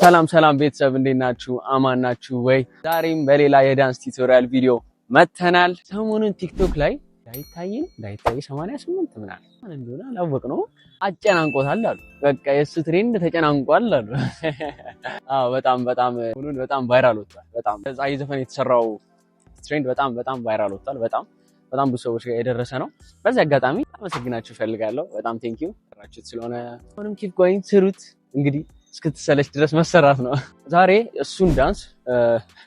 ሰላም ሰላም ቤተሰብ እንዴት ናችሁ? አማን ናችሁ ወይ? ዛሬም በሌላ የዳንስ ቲቶሪያል ቪዲዮ መጥተናል። ሰሞኑን ቲክቶክ ላይ ዳይታይን ዳይታይ 88 ምናል ማን እንደሆነ አላወቅ ነው አጨናንቆታል አሉ። በቃ የእሱ ትሬንድ ተጨናንቋል አሉ። አዎ በጣም በጣም ሁሉን በጣም ቫይራል ወጥቷል። በጣም ፀሐይ ዘፈን የተሰራው ትሬንድ በጣም በጣም ቫይራል ወጥቷል። በጣም በጣም ብዙ ሰዎች ጋር የደረሰ ነው። በዚህ አጋጣሚ አመሰግናችሁ እፈልጋለሁ። በጣም ቴንኪው ራችሁት ስለሆነ አሁንም ኪፕ ጎይንግ ስሩት እንግዲህ እስክትሰለች ድረስ መሰራት ነው። ዛሬ እሱን ዳንስ፣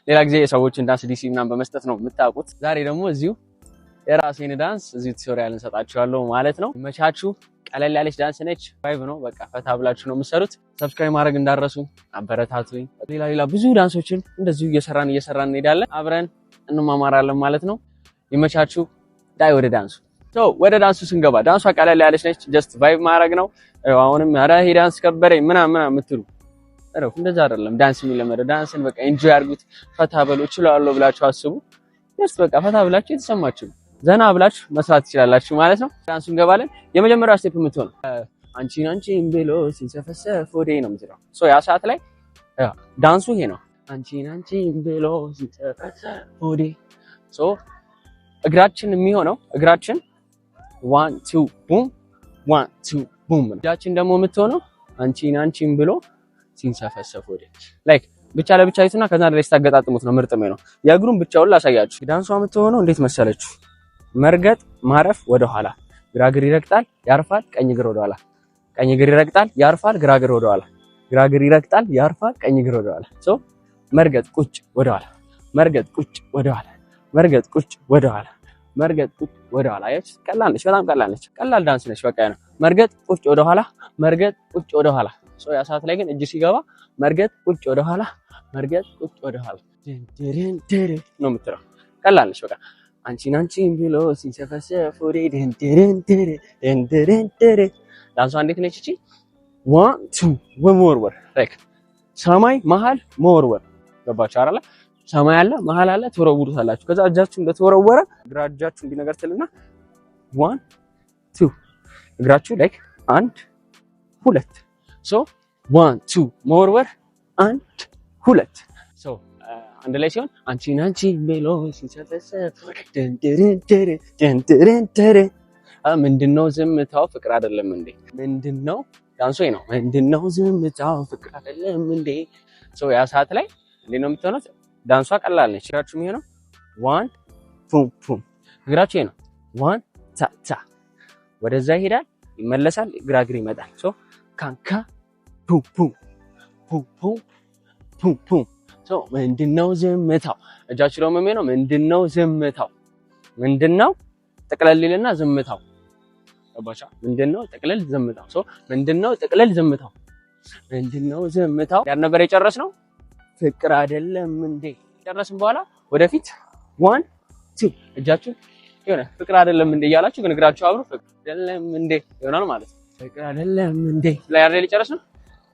ሌላ ጊዜ የሰዎችን ዳንስ ዲሲ ምናምን በመስጠት ነው የምታውቁት። ዛሬ ደግሞ እዚሁ የራሴን ዳንስ እዚሁ ቲዩቶሪያል እንሰጣችኋለሁ ማለት ነው። መቻችሁ። ቀለል ያለች ዳንስ ነች። ቫይብ ነው በቃ ፈታ ብላችሁ ነው የምትሰሩት። ሰብስክራይብ ማድረግ እንዳረሱ አበረታቱኝ። ሌላ ሌላ ብዙ ዳንሶችን እንደዚሁ እየሰራን እየሰራን እንሄዳለን። አብረን እንማማራለን ማለት ነው። ይመቻችሁ። ዳይ ወደ ዳንሱ ሰው ወደ ዳንሱ ስንገባ ዳንሷ ቀለል ያለች ነች። ጀስት ቫይብ ማድረግ ነው። አሁንም ኧረ ይሄ ዳንስ ከበረኝ ምናምን ምናምን የምትሉ ኧረ እንደዛ አይደለም ዳንስ የሚለመደው። ዳንስን በቃ ኢንጆይ አድርጉት፣ ፈታ በሉ፣ እችላለሁ ብላችሁ አስቡ። ጀስት በቃ ፈታ ብላችሁ የተሰማችሁ ዘና ብላችሁ መስራት ትችላላችሁ ማለት ነው። ዳንሱ እንገባለን። የመጀመሪያው ስቴፕ የምትሆነው አንቺን አንቺን ብሎ ሲንሰፈሰፍ ወዴ ነው የምትለው። ያ ሰዓት ላይ ዳንሱ ይሄ ነው። አንቺን አንቺን ብሎ ሲንሰፈሰፍ ወዴ እግራችን የሚሆነው እግራችን ዋን ቱ ቡም፣ ዋን ቱ ቡም። እጃችን ደግሞ የምትሆነው አንቺን አንቺን ብሎ ሲንሰፈሰፍ ወደ ላይክ ብቻ ለብቻ ይቱና ከዛ ላይ ስታገጣጥሙት ነው ምርጥ ነው። የእግሩን ብቻውን ላሳያችሁ። ዳንሷ የምትሆነው እንዴት መሰለችሁ? መርገጥ፣ ማረፍ፣ ወደኋላ ግራ እግር ይረግጣል፣ ያርፋል፣ ቀኝ እግር ወደኋላ ቀኝ እግር ይረግጣል፣ ያርፋል፣ ግራ እግር ወደኋላ ግራ እግር ይረግጣል፣ ያርፋል፣ ቀኝ እግር ወደኋላ ሶ መርገጥ፣ ቁጭ፣ ወደኋላ መርገጥ፣ ቁጭ፣ ወደኋላ መርገጥ፣ ቁጭ፣ ወደኋላ መርገጥ ቁጭ ወደ ኋላ። ያች ቀላል ነች፣ በጣም ቀላል ነች። ቀላል ዳንስ ነች። በቃ ነው መርገጥ ቁጭ ወደ ኋላ፣ መርገጥ ቁጭ ወደ ኋላ። ሶ ያ ሰዓት ላይ ግን እጅ ሲገባ መርገጥ ቁጭ ወደ ኋላ፣ መርገጥ ቁጭ ወደ ኋላ ነው የምትለው። ቀላል ነች። በቃ አንቺን አንቺን ብሎ ሲንሰፈሰፍ ወደ ደንደረንደረ ደንደረንደረ። ዳንሷ እንዴት ነች እቺ? ዋን ቱ ወመወርወር፣ ሰማይ መሀል መወርወር። ገባችሁ አይደለ? ሰማይ አለ፣ መሀል አለ፣ ትወረውሩታላችሁ። ከዛ እጃችሁ እንደተወረወረ ግራ እጃችሁ እንዲነገር ትልና ዋን ቱ እግራችሁ ላይክ አንድ ሁለት ሶ ዋን ቱ መወርወር አንድ ሁለት ሶ አንድ ላይ ሲሆን አንቺን አንቺ ብሎ ሲሰበሰብ ደንደረንደረ ምንድነው ዝምታው ፍቅር አይደለም እንዴ? ምንድነው ዳንሶ ነው። ምንድነው ዝምታው ፍቅር አይደለም እንዴ? ሶ ያ ሰዓት ላይ እንዴ ነው የምትሆነው? ዳንሷ ቀላል ነች። ስራችሁ የሚሆነው ዋን ፑም ፑም፣ እግራችሁ ይሄ ነው። ዋን ታ ታ፣ ወደዛ ይሄዳል፣ ይመለሳል፣ ግራ ይመጣል። ሶ ካንካ ፑም ፑም ፑም ፑም ፑም ፑም። ሶ ምንድነው ዝምታው? እጃችሁ ደግሞ የሚሆነው ምንድነው ዝምታው? ምንድነው ጥቅለልና ዝምታው አባቻ ምንድነው ጥቅልል ዝምታው? ሶ ምንድነው ጥቅልል ዝምታው? ምንድነው ዝምታው? ያልነበረ የጨረስ ነው። ፍቅር አይደለም እንዴ? ጨረስን በኋላ ወደፊት ዋን ቱ እጃችሁ የሆነ ፍቅር አይደለም እንዴ እያላችሁ ግን እግራችሁ አብሮ ፍቅር አይደለም እንዴ ይሆናል ማለት ነው። ፍቅር አይደለም እንዴ ላይ አይደል ጨረስን።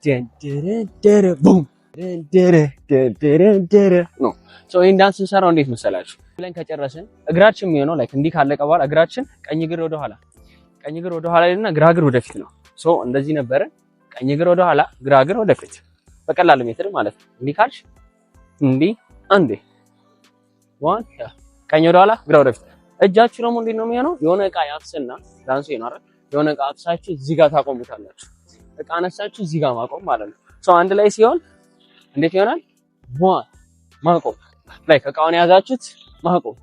ደንደረደረ ቡም ደንደረደረ ነው። ሶ ይሄን ዳንስ እንሰራው እንዴት መሰላችሁ? ብለን ከጨረስን እግራችን የሚሆነው ላይክ እንዲህ ካለቀ በኋላ እግራችን ቀኝ እግር ወደ ኋላ ቀኝ እግር ወደ ኋላ ይልና ግራ እግር ወደፊት ነው። ሶ እንደዚህ ነበረ። ቀኝ እግር ወደ ኋላ፣ ግራ እግር ወደፊት በቀላሉ ሜትር ማለት ነው። እንዲህ ካልሽ እንዲህ አንዴ ዋን ቀኝ ወደኋላ ግራ ወደፊት። እጃችሁ ደግሞ እንዴት ነው የሚሆነው? የሆነ እቃ ያፍስና ዳንሶ ይኖር የሆነ እቃ አፍሳችሁ እዚህ ጋር ታቆሙታላችሁ። እቃ አነሳችሁ እዚህ ጋር ማቆም ማለት ነው። ሰው አንድ ላይ ሲሆን እንዴት ይሆናል? ዋን ማቆም ላይ እቃውን የያዛችሁት ማቆም።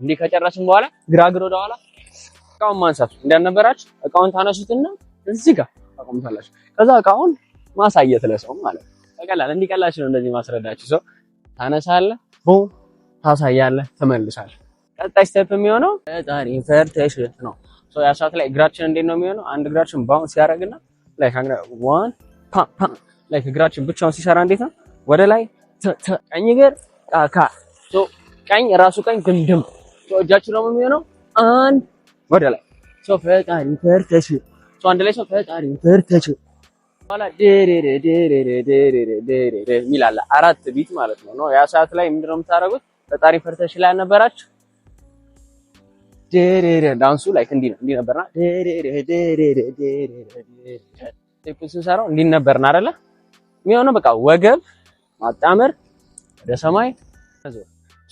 እንዲህ ከጨረስን በኋላ ግራ ግር ወደ እቃውን ማንሳት እንዳልነበራችሁ እቃውን ታነሱትና እዚህ ጋር ታቆሙታላችሁ። ከዛ እቃውን ማሳየት ለሰውም ማለት ነው። በቀላል እንዲቀላችሁ ነው እንደዚህ ማስረዳችሁ። ሰው ታነሳለህ፣ ቦ ታሳያለህ፣ ትመልሳለህ። ቀጣይ ስቴፕ የሚሆነው ጣሪ ኢንቨርቴሽን ነው። ሶ ያ ሰዓት ላይ እግራችን እንዴት ነው የሚሆነው? አንድ እግራችን ባውንስ ሲያደርግና ላይክ አንግራ ዋን ፓ ፓ ላይክ እግራችን ብቻውን ሲሰራ እንዴት ነው ወደ ላይ ቀኝ እግር ካ ሶ ቀኝ ራሱ ቀኝ ግንድም ሶ እጃችሁ ደግሞ የሚሆነው አንድ ወደ ላይ ሶ ፈጣሪ ኢንቨርቴሽን ሶ አንድ ላይ ሶ ፈጣሪ ኢንቨርቴሽን ኋላ የሚል አራት ቢት ማለት ነው። ያ ሰዓት ላይ የምታደርጉት? ፈጣሪ ፈርተሽ ላይ ነበራችሁ። ዳንሱ ላይክ እንዲህ ነው እንዲህ ነበርና ስንሰራው እንዲህ አይደለ የሚሆነው በቃ ወገብ ማጣመር ወደ ሰማይ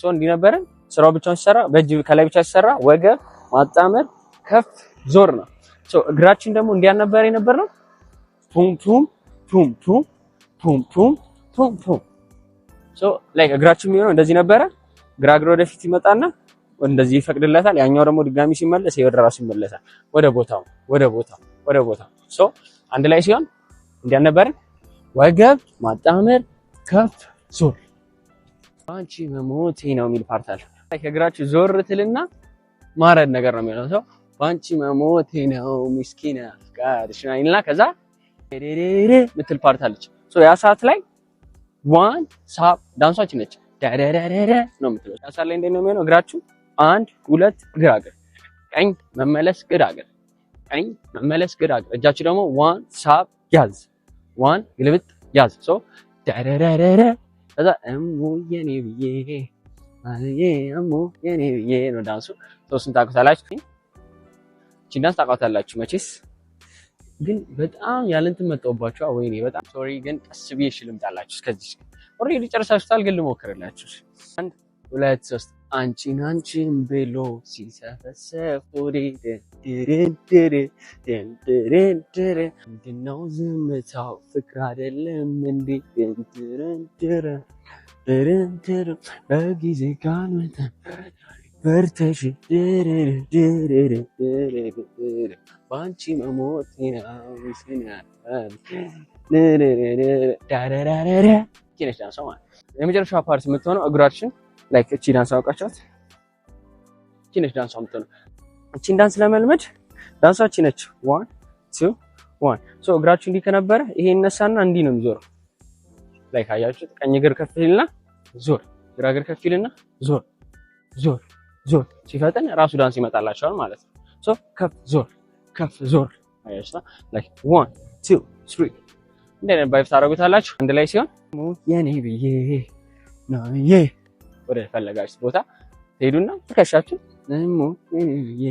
ሶ እንዲህ ነበርን። ስራው ብቻውን ሲሰራ በእጅ ከላይ ብቻ ሲሰራ ወገብ ማጣመር ከፍ ዞር ነው። እግራችን ደግሞ እንዲያነበር የነበር ነው ቱምቱም ቱምቱም ቱምቱም ቱምቱም። ላይክ እግራችሁ የሚሆነው እንደዚህ ነበረ። ግራ እግር ወደፊት ይመጣና እንደዚህ ይፈቅድለታል። ያኛው ደግሞ ድጋሚ ሲመለስ ይሄ ወደ ራሱ ይመለሳል። ወደ ቦታው ወደ ቦታው ወደ ቦታው። ሶ አንድ ላይ ሲሆን እንዲያ ነበረ። ወገብ ማጣመር፣ ከፍ ዞር፣ አንቺ መሞቴ ነው የሚል ፓርት አለ። እግራችሁ ዞር ትልና ማረድ ነገር ነው የሚለው ሰው በአንቺ መሞቴ ነው ምስኪና ጋር ሽናይና ከዛ ደረረረ ምትል ፓርት አለች። ሶ ያ ሰዓት ላይ ዋን ሳብ ዳንሷችን ነች። ዳዳዳዳዳ ነው የምትለው። ያ ሰዓት ላይ እንዴት ነው የሚሆነው? እግራችሁ አንድ ሁለት፣ ግራ እግር ቀኝ መመለስ፣ ግራ እግር ቀኝ መመለስ፣ ግራ እግር። እጃችሁ ደግሞ ዋን ሳብ ያዝ፣ ዋን ግልብጥ ያዝ። ሶ ዳዳዳዳዳ ከዛ እሙ የኔ ብዬ አየ እሙ የኔ ብዬ ነው ዳንሱ። ሶ ስንት ታውቁታላችሁ? እቺን ዳንስ ታውቃታላችሁ መቼስ ግን በጣም ያለንትን መጣሁባቸው። ወይኔ በጣም ሶሪ። ግን ቀስ ብዬ እሺ ልምጣላችሁ። እስከዚህ ኦልሬዲ ጨርሳችሁታል፣ ግን ልሞክርላችሁ። አንድ ሁለት ሶስት አንቺን አንቺን ብሎ ሲሰፈሰፍ ወዴ ምንድነው ዝምታው? ፍቅር አይደለም እንዴ? በጊዜ በርተሽ በአንቺ መሞት ነች የመጨረሻ ፓርት የምትሆነው እግራችን ላይክ እቺ ዳንስ አውቃቸዋት እቺ ነች ዳንሷ የምትሆነው እቺን ዳንስ ለመልመድ ዳንሷ እቺ ነች ዋን ቱ ዋን ሶ እግራችሁ እንዲህ ከነበረ ይሄ ይነሳና እንዲህ ነው የሚዞረው ላይክ አያችሁት ቀኝ እግር ከፍ ይልና ዞር ግራ እግር ከፍ ይልና ዞር ዞር ዞር ሲፈጥን ራሱ ዳንስ ይመጣላቸዋል ማለት ነው። ከፍ ዞር ከፍ ዞር ዋን ቱ ባይፍ ታደርጉታላችሁ አንድ ላይ ሲሆን የኔ ብዬ ናዬ ወደ ፈለጋችሁት ቦታ ትሄዱና ትከሻችሁ ሞ የኔ ብዬ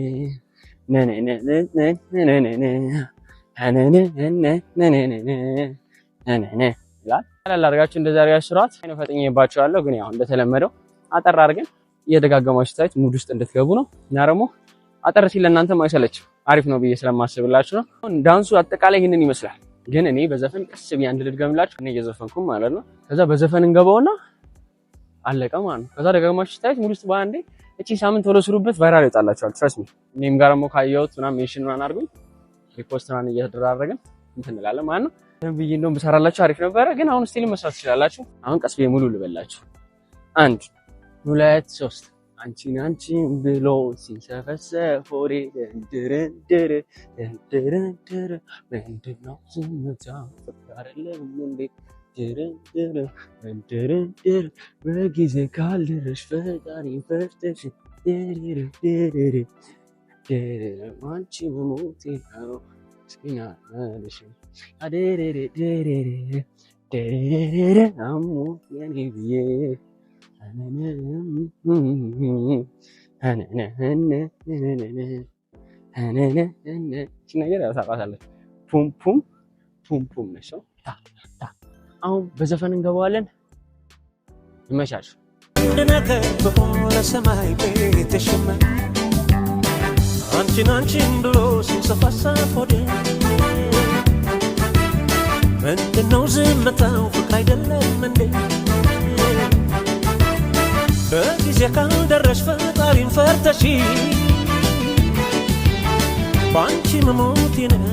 ይላል። አድርጋችሁ እንደዛ አድርጋችሁ ስሯት። ግን ያው እንደተለመደው አጠር አድርገን እየደጋገማችሁ ስታዩት ሙድ ውስጥ እንድትገቡ ነው እና ደግሞ አጠር ሲል ለእናንተም አይሰለችም አሪፍ ነው ብዬ ስለማስብላችሁ ነው። ዳንሱ አጠቃላይ ይህንን ይመስላል። ግን እኔ በዘፈን ቀስ ብዬ አንድ ልድገምላችሁ እኔ እየዘፈንኩም ማለት ነው። ከዛ በዘፈን እንገባውና አለቀ ማለት ነው። ከዛ ደጋግማችሁ ስታዩት ሙድ ውስጥ በአንዴ እቺ ሳምንት ቶሎ ስሩበት፣ ቫይራል ይወጣላችኋል። ትረስ ሚ እኔም ጋር ሞ ካየሁት ምናምን ሜንሽን ምናምን አድርጉኝ፣ ሪፖስት ምናምን እየተደራረግን እንትን እንላለን ማለት ነው። ብዬ እንደውም ብሰራላችሁ አሪፍ ነበረ፣ ግን አሁን ስቲል መስራት ትችላላችሁ። አሁን ቀስ ብዬ ሙሉ ልበላችሁ አንድ ሁለት ሶስት አንቺን አንቺን ብሎ ሲንሰፈሰፍ ወሬ ድርድር ድርድር ምንድነው ዝምታ ፍቅር እንዴ? ድርድር ድርድር በጊዜ ካልደረሽ ፈጣሪ ፈርተሽ ድርድር አንቺ መሞቴ ነው ስናሽ አደረረ ደረረ ደረረ አሞ የኔ ብዬ ነገር ያሳቃታለች። አሁን በዘፈን እንገባዋለን። ይመቻች። በሆነ ሰማይ ቤት አንቺን አንቺን ብሎ ምንድነው ዝምታው? ፍቅር አይደለም እንዴ? ጊዜ ካልደረሽ ፈጣሪን ፈርተሺ በአንቺ መሞቴ ነው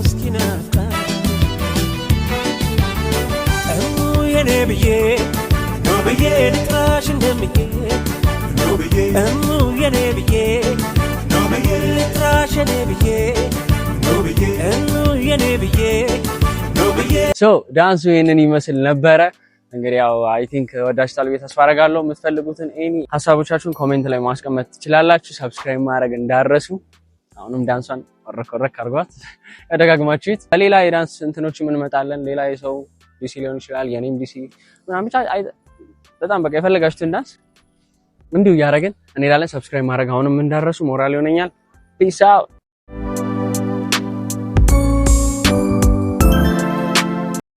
እስኪናፍቃ እሙ የኔ ብዬ ኑ ብዬ ልጥራሽ እንደምዬ እሙ የኔ ብዬ ልጥራሽ ብዬ እሙ የኔ ብዬ ሶ ዳንሱ ይህንን ይመስል ነበረ። እንግዲህ ያው አይ ቲንክ ወዳጅታል ብዬ ተስፋ አደርጋለሁ። የምትፈልጉትን ኤኒ ሀሳቦቻችሁን ኮሜንት ላይ ማስቀመጥ ትችላላችሁ። ሰብስክራይብ ማድረግ እንዳረሱ። አሁንም ዳንሷን ወረክ ወረክ አድርጓት ያደጋግማችሁት። ሌላ የዳንስ እንትኖች እንመጣለን። ሌላ የሰው ዲሲ ሊሆን ይችላል የኔም ዲሲ ምናምን፣ ብቻ በጣም በቃ የፈለጋችሁትን ዳንስ እንዲሁ እያደረግን እንሄዳለን። ሰብስክራይብ ማድረግ አሁንም እንዳረሱ፣ ሞራል ይሆነኛል። ፒስ አውት